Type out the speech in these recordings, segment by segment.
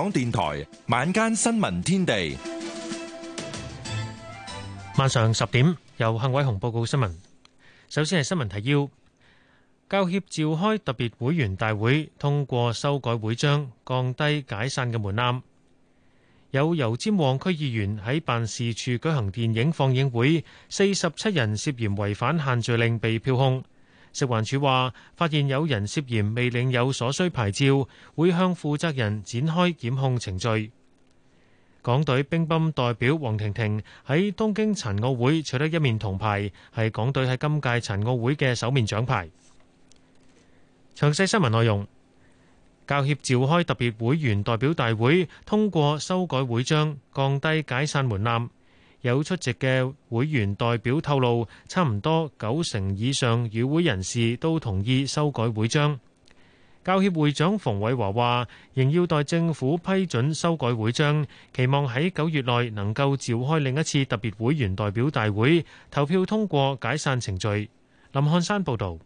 港電台晚間新聞天地，晚上十點由幸偉雄報告新聞。首先係新聞提要：教協召開特別會員大會，通過修改會章，降低解散嘅門檻。有油尖旺區議員喺辦事處舉行電影放映會，四十七人涉嫌違反限聚令被票控。食環署話，發現有人涉嫌未領有所需牌照，會向負責人展開檢控程序。港隊乒乓代表王婷婷喺東京殘奧會取得一面銅牌，係港隊喺今屆殘奧會嘅首面獎牌。詳細新聞內容，教協召開特別會員代表大會，通過修改會章，降低解散門檻。有出席嘅會員代表透露，差唔多九成以上與會人士都同意修改會章。教協會長馮偉華話，仍要待政府批准修改會章，期望喺九月內能夠召開另一次特別會員代表大會，投票通過解散程序。林漢山報導，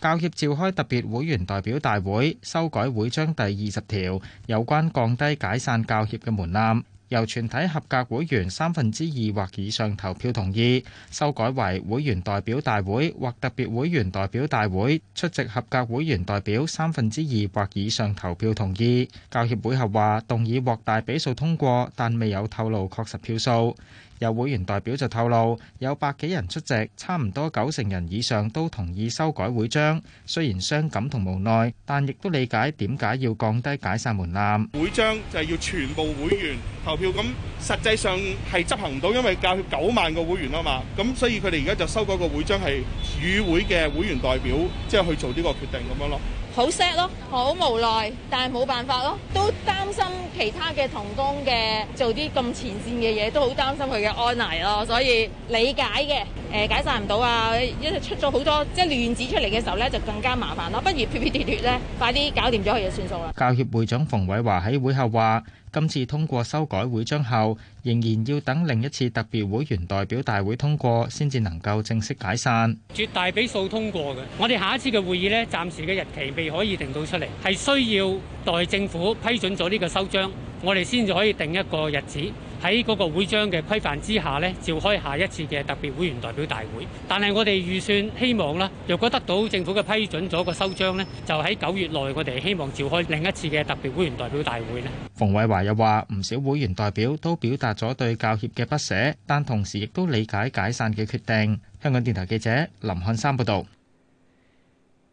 教協召開特別會員代表大會，修改會章第二十條，有關降低解散教協嘅門檻。由全體合格會員三分之二或以上投票同意，修改為會員代表大會或特別會員代表大會出席合格會員代表三分之二或以上投票同意。教協會後話動議獲大比數通過，但未有透露確實票數。有會員代表就透露，有百幾人出席，差唔多九成人以上都同意修改會章。雖然傷感同無奈，但亦都理解點解要降低解散門檻。會章就係要全部會員投票，咁實際上係執行唔到，因為教協九萬個會員啊嘛。咁所以佢哋而家就修改個會章，係與會嘅會員代表即係、就是、去做呢個決定咁樣咯。好 sad 咯，好無奈，但係冇辦法咯，都擔心其他嘅同工嘅做啲咁前線嘅嘢，都好擔心佢嘅安危咯，所以理解嘅，誒解散唔到啊，一出咗好多即係亂子出嚟嘅時候咧，就更加麻煩咯，不如撇撇脫脫咧，快啲搞掂咗佢就算數啦。教協會長馮偉華喺會後話。今次通過修改會章後，仍然要等另一次特別會員代表大會通過，先至能夠正式解散。絕大比數通過嘅，我哋下一次嘅會議咧，暫時嘅日期未可以定到出嚟，係需要待政府批准咗呢個修章，我哋先至可以定一個日子。喺嗰個會章嘅規範之下咧，召開下一次嘅特別會員代表大會。但係我哋預算希望咧，若果得到政府嘅批准咗個修章咧，就喺九月內我哋希望召開另一次嘅特別會員代表大會咧。馮偉華又話：唔少會員代表都表達咗對教協嘅不捨，但同時亦都理解解散嘅決定。香港電台記者林漢山報道。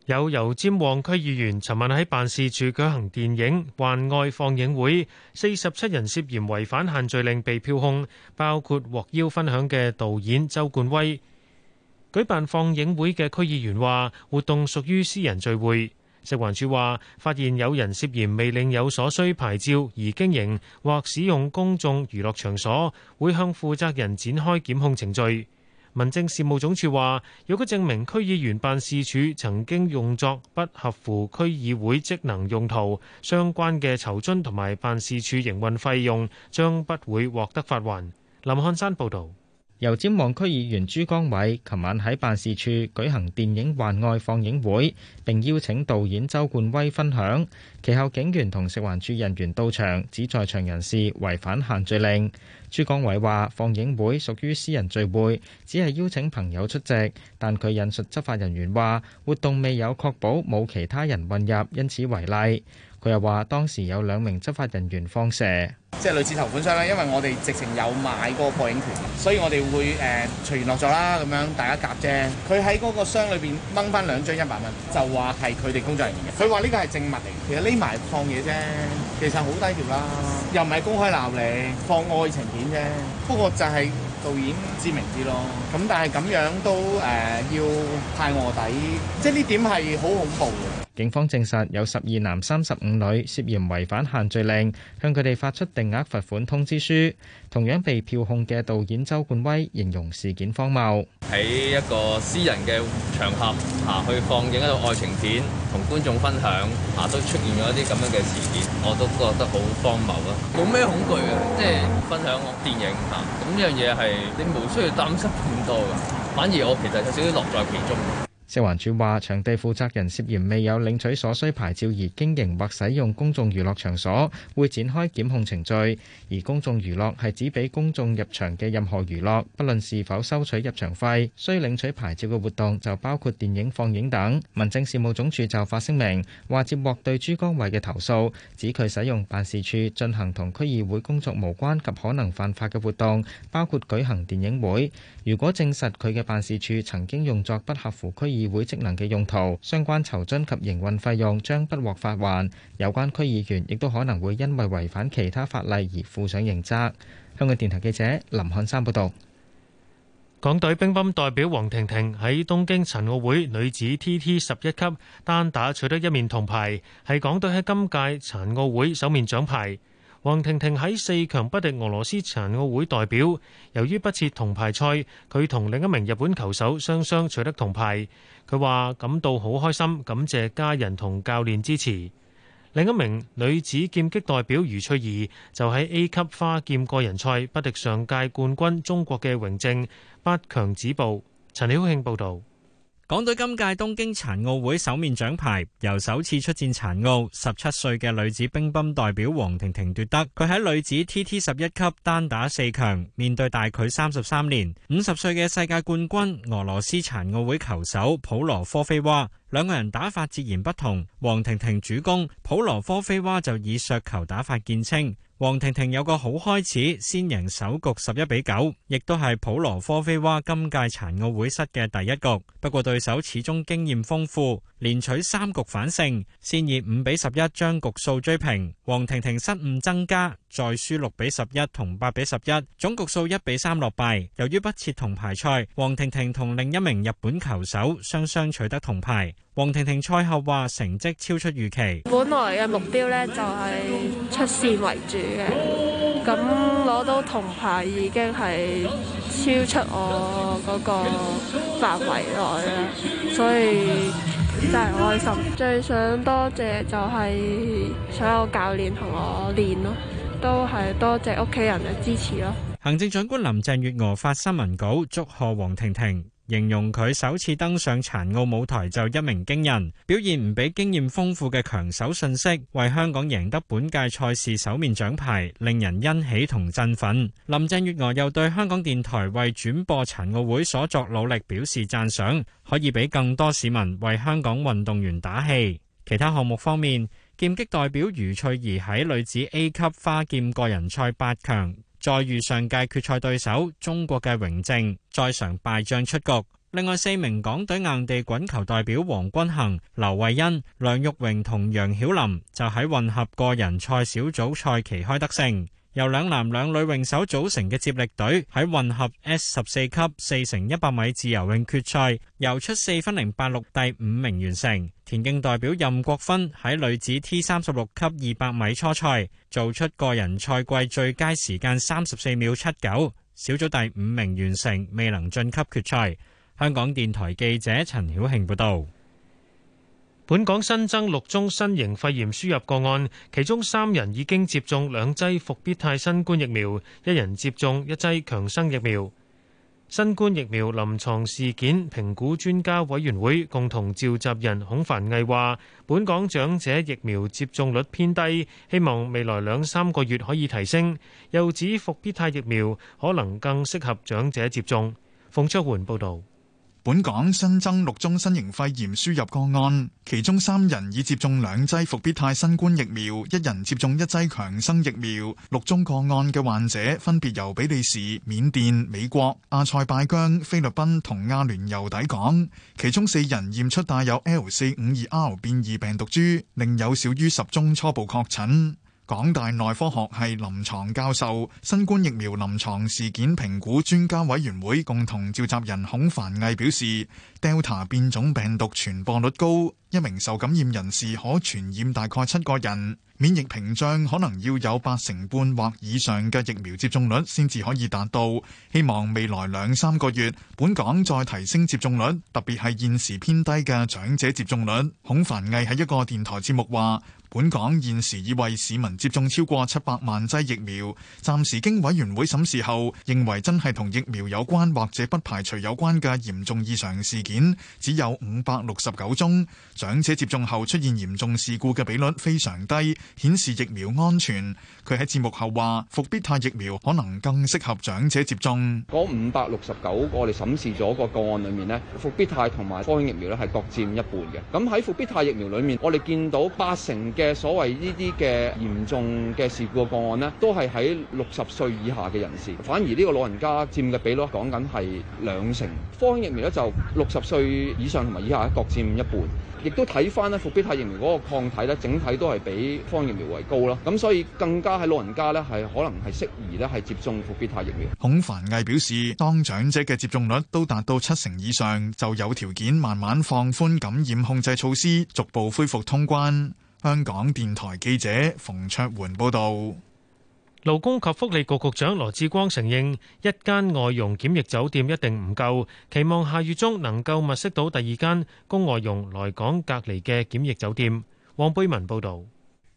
有油尖旺區議員尋晚喺辦事處舉行電影幻愛放映會，四十七人涉嫌違反限聚令被票控，包括獲邀分享嘅導演周冠威。舉辦放映會嘅區議員話，活動屬於私人聚會。食環署話，發現有人涉嫌未領有所需牌照而經營或使用公眾娛樂場所，會向負責人展開檢控程序。民政事務總署話：若果證明，區議員辦事處曾經用作不合乎區議會職能用途相關嘅酬津同埋辦事處營運費用，將不會獲得發還。林漢山報導。由尖旺區議員朱江偉琴晚喺辦事處舉行電影《幻愛》放映會，並邀請導演周冠威分享。其後警員同食環署人員到場，指在場人士違反限聚令。朱江偉話：放映會屬於私人聚會，只係邀請朋友出席，但佢引述執法人員話，活動未有確保冇其他人混入，因此違例。佢又話當時有兩名執法人員放射，即係類似頭盤商啦，因為我哋直情有買過放映權，所以我哋會誒、呃、隨緣落咗啦，咁樣大家夾啫。佢喺嗰個箱裏邊掹翻兩張一百蚊，就話係佢哋工作人員嘅。佢話呢個係證物嚟，其實匿埋放嘢啫。其實好低調啦，又唔係公開鬧你，放愛情片啫。不過就係導演知名啲咯。咁但係咁樣都誒、呃、要派卧底，即係呢點係好恐怖嘅。警方證實有十二男三十五女涉嫌違反限聚令，向佢哋發出定額罰款通知書，同樣被票控的導演周冠威，形容事件荒謬。喺一個私人的場合，去放映一個愛情片，同觀眾分享，都出現咗一些咁樣嘅事件，我都覺得好荒謬。冇咩恐懼，即係分享我電影，呢樣嘢係你無需要擔心咁多。反而我其實有少少樂在其中。食環署話，場地負責人涉嫌未有領取所需牌照而經營或使用公眾娛樂場所，會展開檢控程序。而公眾娛樂係指俾公眾入場嘅任何娛樂，不論是否收取入場費，需領取牌照嘅活動就包括電影放映等。民政事務總署就發聲明話，接獲對朱江瑋嘅投訴，指佢使用辦事處進行同區議會工作無關及可能犯法嘅活動，包括舉行電影會。如果證實佢嘅辦事處曾經用作不合乎區，議會職能嘅用途，相關酬津及營運費用將不獲發還。有關區議員亦都可能會因為違反其他法例而負上刑責。香港電台記者林漢山報道。港隊乒乓代表黃婷婷喺東京殘奧會女子 TT 十一級單打取得一面銅牌，係港隊喺今屆殘奧會首面獎牌。王婷婷喺四強不敵俄羅斯殘奧會代表，由於不設銅牌賽，佢同另一名日本球手雙雙取得銅牌。佢話感到好開心，感謝家人同教練支持。另一名女子劍擊代表余翠怡就喺 A 級花劍個人賽不敵上屆冠軍中國嘅榮政八強止步。陳曉慶報道。港隊今屆東京殘奧會首面獎牌，由首次出戰殘奧十七歲嘅女子乒乓代表黃婷婷奪得。佢喺女子 TT 十一級單打四強，面對大佢三十三年、五十歲嘅世界冠軍俄羅斯殘奧會球手普羅科菲娃。兩個人打法截然不同，黃婷婷主攻，普羅科菲娃就以削球打法見稱。黃婷婷有個好開始，先贏首局十一比九，亦都係普羅科菲娃今屆殘奧會失嘅第一局。不過對手始終經驗豐富，連取三局反勝，先以五比十一將局數追平。黃婷婷失誤增加。再輸六比十一同八比十一，總局數一比三落敗。由於不設銅牌賽，黃婷婷同另一名日本球手雙雙取得銅牌。黃婷婷賽後話成績超出預期，本來嘅目標呢，就係出線為主嘅，咁攞到銅牌已經係超出我嗰個範圍內啦，所以真係開心。最想多謝就係所有教練同我練咯。都係多謝屋企人嘅支持咯。行政長官林鄭月娥發新聞稿祝賀黃婷婷，形容佢首次登上殘奧舞台就一鳴驚人，表現唔俾經驗豐富嘅強手信息，為香港贏得本屆賽事首面獎牌，令人欣喜同振奮。林鄭月娥又對香港電台為轉播殘奧會所作努力表示讚賞，可以俾更多市民為香港運動員打氣。其他項目方面。劍擊代表余翠怡喺女子 A 級花劍個人賽八強，再遇上屆決賽對手中國嘅榮靜，再嘗敗仗出局。另外四名港隊硬地滾球代表黃君恒、劉慧欣、梁玉榮同楊曉琳，就喺混合個人賽小組賽旗開得勝。由兩男兩女泳手組成嘅接力隊喺混合 S 十四級四乘一百米自由泳決賽游出四分零八六，第五名完成。田徑代表任國芬喺女子 T 三十六級二百米初賽做出個人賽季最佳時間三十四秒七九，小組第五名完成，未能晉級決賽。香港電台記者陳曉慶報道。本港新增六宗新型肺炎輸入個案，其中三人已經接種兩劑復必泰新冠疫苗，一人接種一劑強生疫苗。新冠疫苗臨床事件評估專家委員會共同召集人孔凡毅話本港長者疫苗接種率偏低，希望未來兩三個月可以提升。又指復必泰疫苗可能更適合長者接種，馮卓桓報道。本港新增六宗新型肺炎輸入個案，其中三人已接種兩劑復必泰新冠疫苗，一人接種一劑強生疫苗。六宗個案嘅患者分別由比利時、緬甸、美國、阿塞拜疆、菲律賓同阿聯酋抵港，其中四人驗出帶有 L 四五二 R 變異病毒株，另有少於十宗初步確診。港大內科學系臨床教授、新冠疫苗臨床事件評估專家委員會共同召集人孔凡毅表示，Delta 變種病毒傳播率高，一名受感染人士可傳染大概七個人。免疫屏障可能要有八成半或以上嘅疫苗接種率先至可以達到。希望未來兩三個月，本港再提升接種率，特別係現時偏低嘅長者接種率。孔繁毅喺一個電台節目話，本港現時已為市民接種超過七百萬劑疫苗。暫時經委員會審視後，認為真係同疫苗有關或者不排除有關嘅嚴重異常事件，只有五百六十九宗。長者接種後出現嚴重事故嘅比率非常低。顯示疫苗安全，佢喺節目後話：復必泰疫苗可能更適合長者接種。嗰五百六十九個我哋審視咗個個案裏面呢，復必泰同埋科興疫苗咧係各佔一半嘅。咁喺復必泰疫苗裏面，我哋見到八成嘅所謂呢啲嘅嚴重嘅事故個案呢，都係喺六十歲以下嘅人士，反而呢個老人家佔嘅比率講緊係兩成。科興疫苗咧就六十歲以上同埋以下各佔一半，亦都睇返呢復必泰疫苗嗰個抗體咧，整體都係比幫疫苗為高啦，咁所以更加喺老人家呢，係可能係適宜呢，係接種復必泰疫苗。孔繁毅表示，當長者嘅接種率都達到七成以上，就有條件慢慢放寬感染控制措施，逐步恢復通關。香港電台記者馮卓桓報導。勞工及福利局局長羅致光承認，一間外傭檢疫酒店一定唔夠，期望下月中能夠物色到第二間供外傭來港隔離嘅檢疫酒店。黃貝文報導。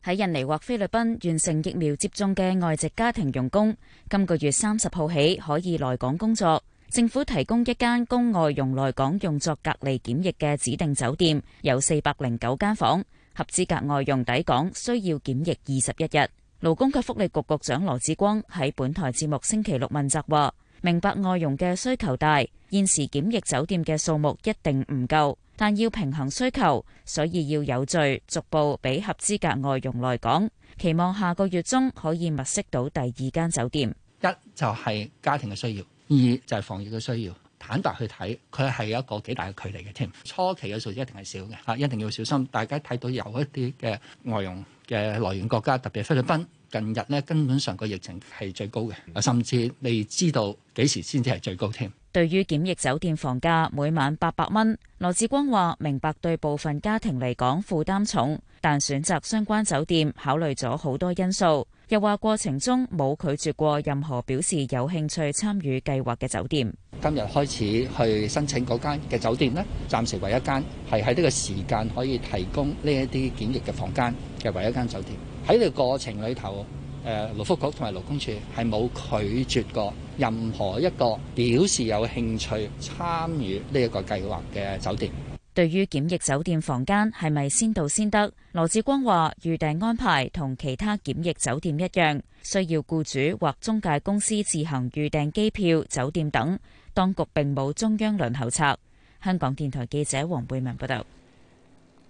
喺印尼或菲律賓完成疫苗接種嘅外籍家庭傭工，今個月三十號起可以來港工作。政府提供一間供外傭來港用作隔離檢疫嘅指定酒店，有四百零九間房，合資格外傭抵港需要檢疫二十一日。勞工及福利局局長羅志光喺本台節目星期六問責話，明白外傭嘅需求大，現時檢疫酒店嘅數目一定唔夠。但要平衡需求，所以要有序逐步畀合資格外佣來港，期望下個月中可以物色到第二間酒店。一就係家庭嘅需要，二就係防疫嘅需要。坦白去睇，佢係有一個幾大嘅距離嘅添。初期嘅數字一定係少嘅嚇，一定要小心。大家睇到有一啲嘅外傭嘅來源國家，特別係菲律賓，近日呢根本上個疫情係最高嘅，甚至你知道幾時先至係最高添。對於檢疫酒店房價每晚八百蚊，羅志光話明白對部分家庭嚟講負擔重，但選擇相關酒店考慮咗好多因素。又話過程中冇拒絕過任何表示有興趣參與計劃嘅酒店。今日開始去申請嗰間嘅酒店咧，暫時唯一間係喺呢個時間可以提供呢一啲檢疫嘅房間嘅唯一間酒店。喺呢個過程裏頭，誒，勞福局同埋勞工處係冇拒絕過。任何一個表示有興趣參與呢一個計劃嘅酒店。對於檢疫酒店房間係咪先到先得？羅致光話預訂安排同其他檢疫酒店一樣，需要僱主或中介公司自行預訂機票、酒店等。當局並冇中央輪候冊。香港電台記者黃貝文報道。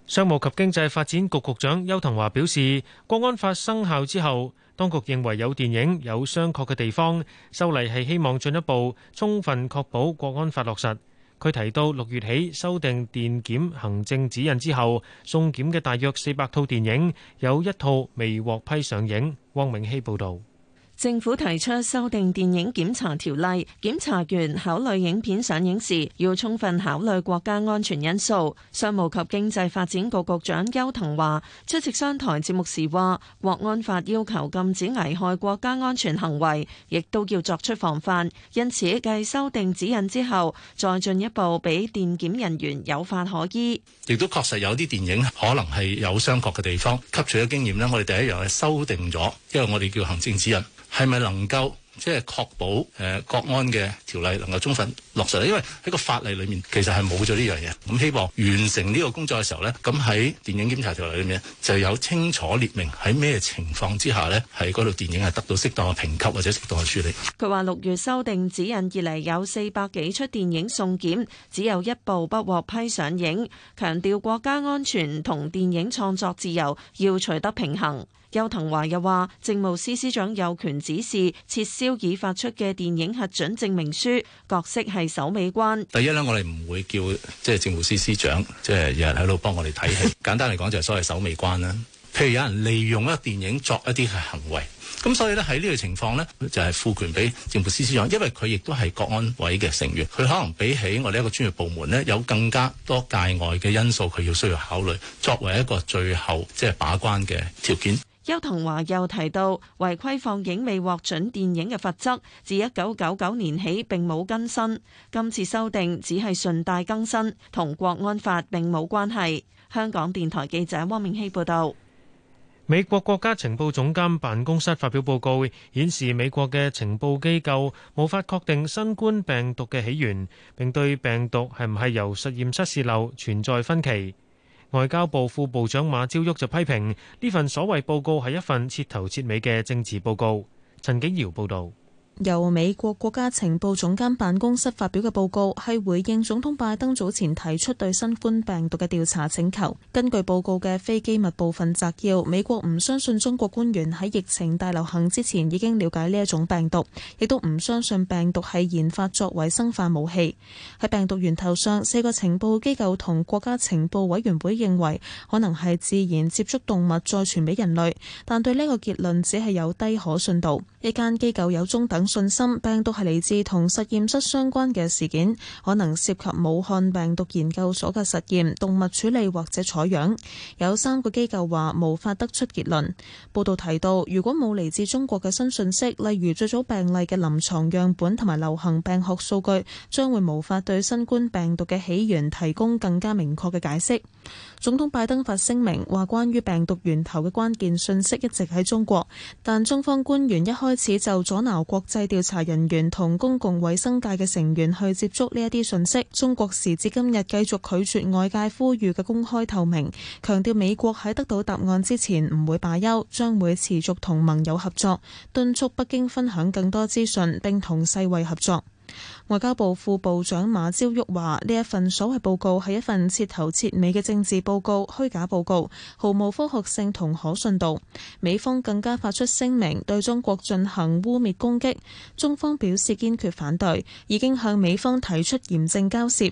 商務及經濟發展局局長邱騰華表示，國安法生效之後。當局認為有電影有商榷嘅地方修例，係希望進一步充分確保國安法落實。佢提到六月起修訂電檢行政指引之後，送檢嘅大約四百套電影有一套未獲批上映。汪永熙報導。政府提出修訂電影檢查條例，檢查員考慮影片上映時要充分考慮國家安全因素。商務及經濟發展局局長邱騰華出席商台節目時話，國安法要求禁止危害國家安全行為，亦都要作出防範，因此，繼修訂指引之後，再進一步俾電檢人員有法可依。亦都確實有啲電影可能係有商榷嘅地方，吸取咗經驗咧。我哋第一樣係修訂咗，因為我哋叫行政指引。係咪能夠即係確保誒、呃、國安嘅條例能夠充分落實咧？因為喺個法例裏面其實係冇咗呢樣嘢。咁希望完成呢個工作嘅時候呢，咁喺電影檢查條例裏面就有清楚列明喺咩情況之下呢，喺嗰度電影係得到適當嘅評級或者適當嘅處理。佢話六月修訂指引以嚟有四百幾出電影送檢，只有一部不獲批上映。強調國家安全同電影創作自由要取得平衡。邱騰華又話：政務司司長有權指示撤銷已發出嘅電影核准證明書，角色係首尾關。第一呢，我哋唔會叫即係政務司司長，即係有人喺度幫我哋睇戲。 簡單嚟講，就係所謂首尾關啦。譬如有人利用一個電影作一啲行為，咁所以呢，喺呢個情況呢，就係賦權俾政務司司長，因為佢亦都係國安委嘅成員，佢可能比起我哋一個專業部門呢，有更加多界外嘅因素，佢要需要考慮，作為一個最後即係把關嘅條件。邱騰華又提到，違規放映未獲准電影嘅罰則，自一九九九年起並冇更新，今次修訂只係順帶更新，同國安法並冇關係。香港電台記者汪明希報道。美國國家情報總監辦公室發表報告，顯示美國嘅情報機構無法確定新冠病毒嘅起源，並對病毒係唔係由實驗室洩漏存在分歧。外交部副部長馬朝旭就批評呢份所謂報告係一份徹頭徹尾嘅政治報告。陳景堯報道。由美國國家情報總監辦公室發表嘅報告係回應總統拜登早前提出對新冠病毒嘅調查請求。根據報告嘅非機密部分摘要，美國唔相信中國官員喺疫情大流行之前已經了解呢一種病毒，亦都唔相信病毒係研發作為生化武器。喺病毒源頭上，四個情報機構同國家情報委員會認為可能係自然接觸動物再傳俾人類，但對呢個結論只係有低可信度。一間機構有中等信心病毒係嚟自同實驗室相關嘅事件，可能涉及武漢病毒研究所嘅實驗、動物處理或者採樣。有三個機構話無法得出結論。報道提到，如果冇嚟自中國嘅新信息，例如最早病例嘅臨床樣本同埋流行病學數據，將會無法對新冠病毒嘅起源提供更加明確嘅解釋。總統拜登發聲明話，關於病毒源頭嘅關鍵信息一直喺中國，但中方官員一開始就阻撓國際調查人員同公共衛生界嘅成員去接觸呢一啲信息。中國時至今日繼續拒絕外界呼籲嘅公開透明，強調美國喺得到答案之前唔會罷休，將會持續同盟友合作，敦促北京分享更多資訊，並同世衛合作。外交部副部長馬朝旭話：呢一份所謂報告係一份徹頭徹尾嘅政治報告、虛假報告，毫無科學性同可信度。美方更加發出聲明對中國進行污蔑攻擊，中方表示堅決反對，已經向美方提出嚴正交涉。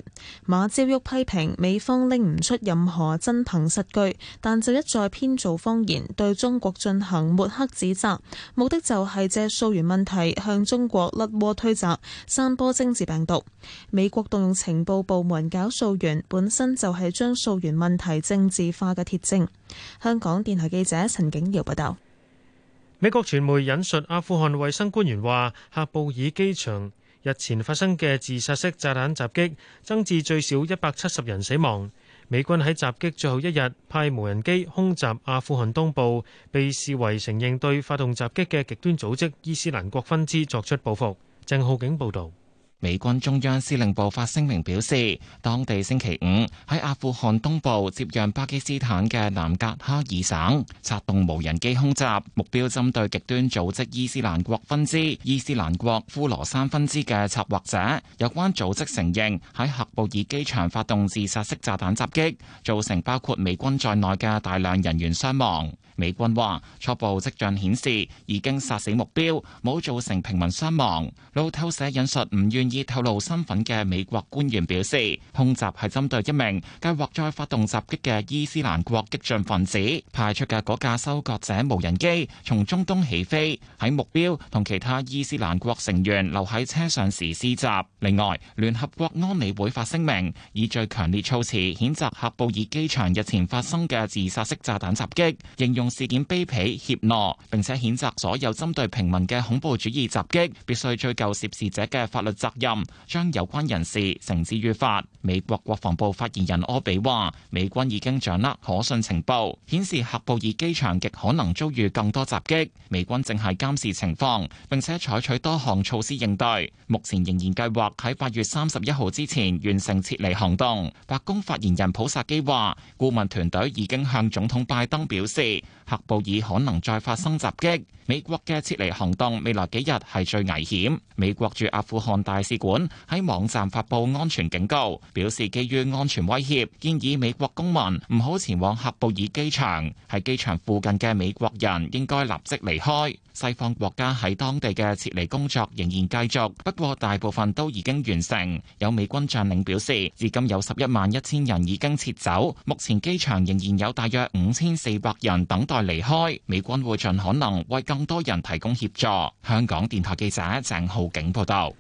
馬朝旭批評美方拎唔出任何真憑實據，但就一再編造謊言對中國進行抹黑指責，目的就係借溯源問題向中國甩鍋推責、散播政。政治病毒。美國動用情報部門搞溯源，本身就係將溯源問題政治化嘅鐵證。香港電台記者陳景瑤報道。美國傳媒引述阿富汗衛生官員話，喀布爾機場日前發生嘅自殺式炸彈襲擊，增至最少一百七十人死亡。美軍喺襲擊最後一日派無人機空襲阿富汗東部，被視為承認對發動襲擊嘅極端組織伊斯蘭國分支作出報復。鄭浩景報道。美軍中央司令部發聲明表示，當地星期五喺阿富汗東部接壤巴基斯坦嘅南格哈爾省策動無人機空襲，目標針對極端組織伊斯蘭國分支伊斯蘭國呼羅山分支嘅策劃者。有關組織承認喺喀布爾機場發動自殺式炸彈襲擊，造成包括美軍在內嘅大量人員傷亡。美軍話初步跡象顯示已經殺死目標，冇造成平民傷亡。路透社引述唔願意透露身份嘅美國官員表示，空襲係針對一名計劃再發動襲擊嘅伊斯蘭國激進分子派出嘅嗰架收割者無人機，從中東起飛，喺目標同其他伊斯蘭國成員留喺車上時施襲。另外，聯合國安理會發聲明，以最強烈措辭譴責喀布爾機場日前發生嘅自殺式炸彈襲擊，形容事件卑鄙怯懦，並且譴責所有針對平民嘅恐怖主義襲擊，必須追究涉事者嘅法律責任，將有關人士繩之於法。美國國防部發言人柯比話：，美軍已經掌握可信情報，顯示喀布爾機場極可能遭遇更多襲擊。美軍正係監視情況，並且採取多項措施應對。目前仍然計劃喺八月三十一號之前完成撤離行動。白宮發言人普薩基話：，顧問團隊已經向總統拜登表示。喀布爾可能再發生襲擊，美國嘅撤離行動未來幾日係最危險。美國駐阿富汗大使館喺網站發布安全警告，表示基於安全威脅，建議美國公民唔好前往喀布爾機場。喺機場附近嘅美國人應該立即離開。西方國家喺當地嘅撤離工作仍然繼續，不過大部分都已經完成。有美軍將領表示，至今有十一萬一千人已經撤走，目前機場仍然有大約五千四百人等待。再離開美軍會盡可能為更多人提供協助。香港電台記者鄭浩景報道，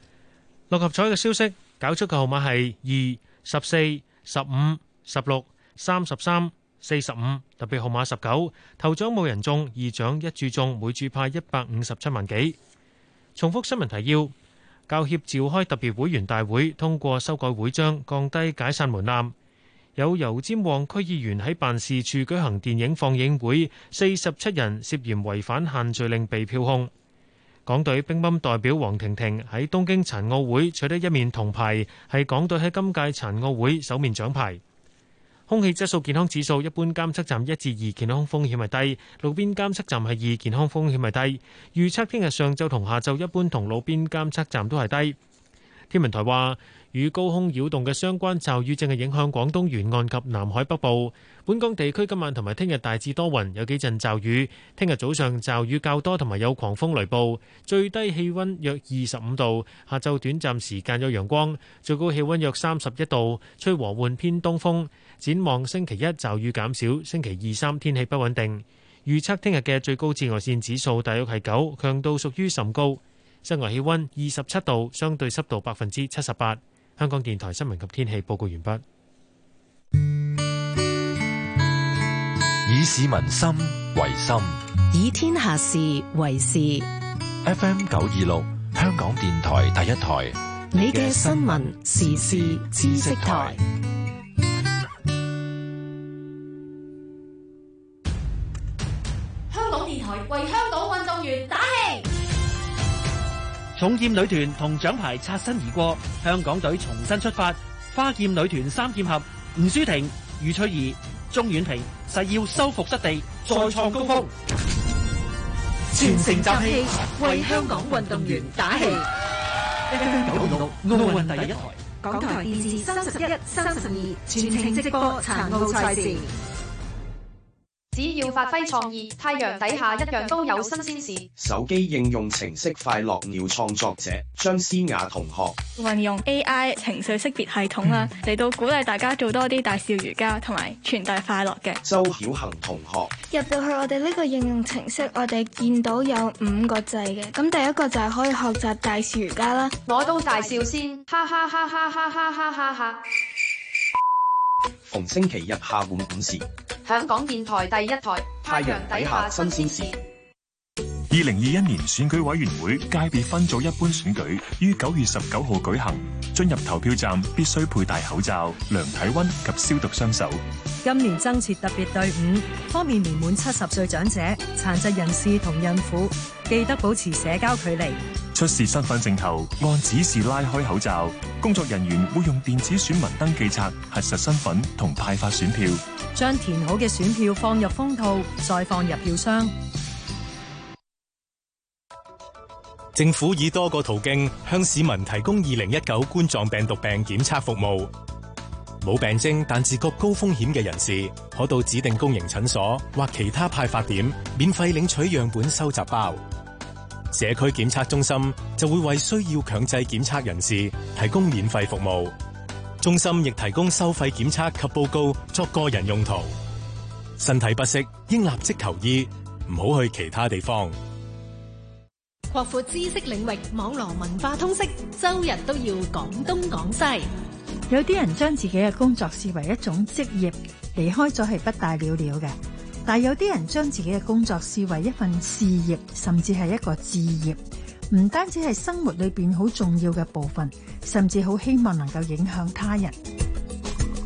六合彩嘅消息，搞出嘅號碼係二十四、十五、十六、三十三、四十五，特別號碼十九。頭獎冇人中，二獎一注中，每注派一百五十七萬幾。重複新聞提要：教協召開特別會員大會，通過修改會章，降低解散門檻。有油尖旺區議員喺辦事處舉行電影放映會，四十七人涉嫌違反限聚令被票控。港隊乒乓代表王婷婷喺東京殘奧會取得一面銅牌，係港隊喺今屆殘奧會首面獎牌。空氣質素健康指數一般監測站一至二，健康風險係低；路邊監測站係二，健康風險係低。預測聽日上晝同下晝一般同路邊監測站都係低。天文台話。與高空擾動嘅相關驟雨正係影響廣東沿岸及南海北部。本港地區今晚同埋聽日大致多雲，有幾陣驟雨。聽日早上驟雨較多，同埋有狂風雷暴。最低氣溫約二十五度，下晝短暫時間有陽光，最高氣溫約三十一度，吹和緩偏東風。展望星期一驟雨減少，星期二三天氣不穩定。預測聽日嘅最高紫外線指數大約係九，強度屬於甚高。室外氣溫二十七度，相對濕度百分之七十八。香港電台新聞及天氣報告完畢。 以市民心為心， 以天下事為事。 FM 926，香港電台第一台，你嘅新聞時事知識台。香港電台為香港運動員打。重劍女團同獎牌擦身而過，香港隊重新出發。花劍女團三劍俠，吳舒婷、余翠怡、鍾婉婷誓要收復失地，再創高峰。全城集氣，為香港運動員打氣。九六奧運第一台，港台電視三十一、三十二，全程直播殘奧賽事。只要發揮創意，太陽底下一樣都有新鮮事。手機應用程式《快樂鳥》創作者張思雅同學運用 AI 情緒識別系統啦，嚟、嗯、到鼓勵大家做多啲大笑瑜伽，同埋傳遞快樂嘅。周曉恒同學入到去我哋呢個應用程式，我哋見到有五個掣嘅，咁第一個就係可以學習大笑瑜伽啦。我都大笑先，哈哈哈哈哈哈哈哈。逢星期日下午五時，香港電台第一台，太陽底下新鮮事。二零二一年選舉委員會界別分組一般選舉於九月十九號舉行。進入投票站必須佩戴口罩、量體溫及消毒雙手。今年增設特別隊伍，方便年滿七十歲長者、殘疾人士同孕婦。記得保持社交距離。出示身份證後，按指示拉開口罩。工作人員會用電子選民登記冊核實身份同派發選票。將填好嘅選票放入封套，再放入票箱。政府以多個途徑向市民提供二零一九冠狀病毒病檢測服務。冇病徵但自覺高風險嘅人士，可到指定公營診所或其他派發點免費領取樣本收集包。社區檢測中心就會為需要強制檢測人士提供免費服務。中心亦提供收費檢測及報告作個人用途。身體不適，應立即求醫，唔好去其他地方。擴闊知識領域，網絡文化通識，周日都要講東講西。有啲人將自己嘅工作視為一種職業，離開咗係不大了了嘅。但有啲人將自己嘅工作視為一份事業，甚至係一個志業，唔單止係生活裏邊好重要嘅部分，甚至好希望能夠影響他人。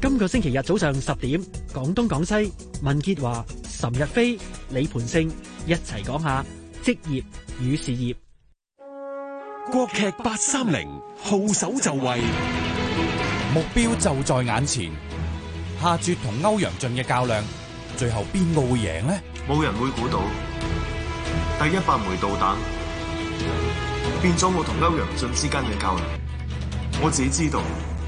今個星期日早上十點，講東講西，文潔華、岑日飛、李盤勝一齊講下。職業與事業，國劇八三零，號手就位，目標就在眼前。下決同歐陽俊嘅較量，最後邊個會贏呢？冇人會估到，第一百枚導彈變咗我同歐陽俊之間嘅較量。我自己知道，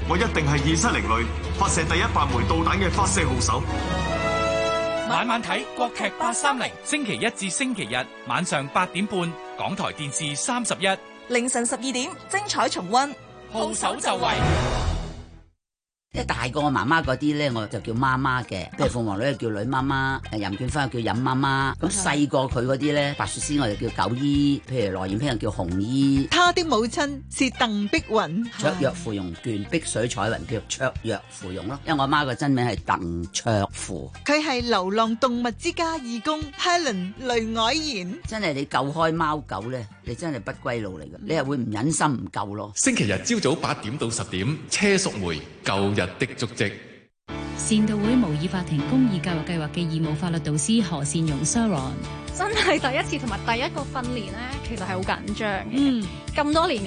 我一定係二七零裏發射第一百枚導彈嘅發射號手。晚晚睇國劇八三零，星期一至星期日晚上八點半，港台電視三十一，凌晨十二點精彩重溫，號手就位。一大過我媽媽嗰啲咧，我就叫媽媽嘅，譬如鳳凰女就叫女媽媽，任建芬，就叫任媽媽。咁細過佢嗰啲咧，白雪仙我就叫狗姨，譬如羅燕萍就叫紅姨。她的母親是鄧碧雲。芍藥芙蓉卷，碧水彩雲叫芍藥芙蓉咯。是因為我媽個真名係鄧芍芙。佢係流浪動物之家義工 Helen 雷凱賢。真係你救開貓狗咧，你真係不歸路嚟㗎。你係會唔忍心唔救咯？星期日朝早八點到十點，車淑梅救人。一一的足跡，善道會模擬法庭公義教育計劃嘅義務法律導師何善容 Sir，真係第一次同埋第一個訓練咧，其實係好緊張，嗯，咁多年。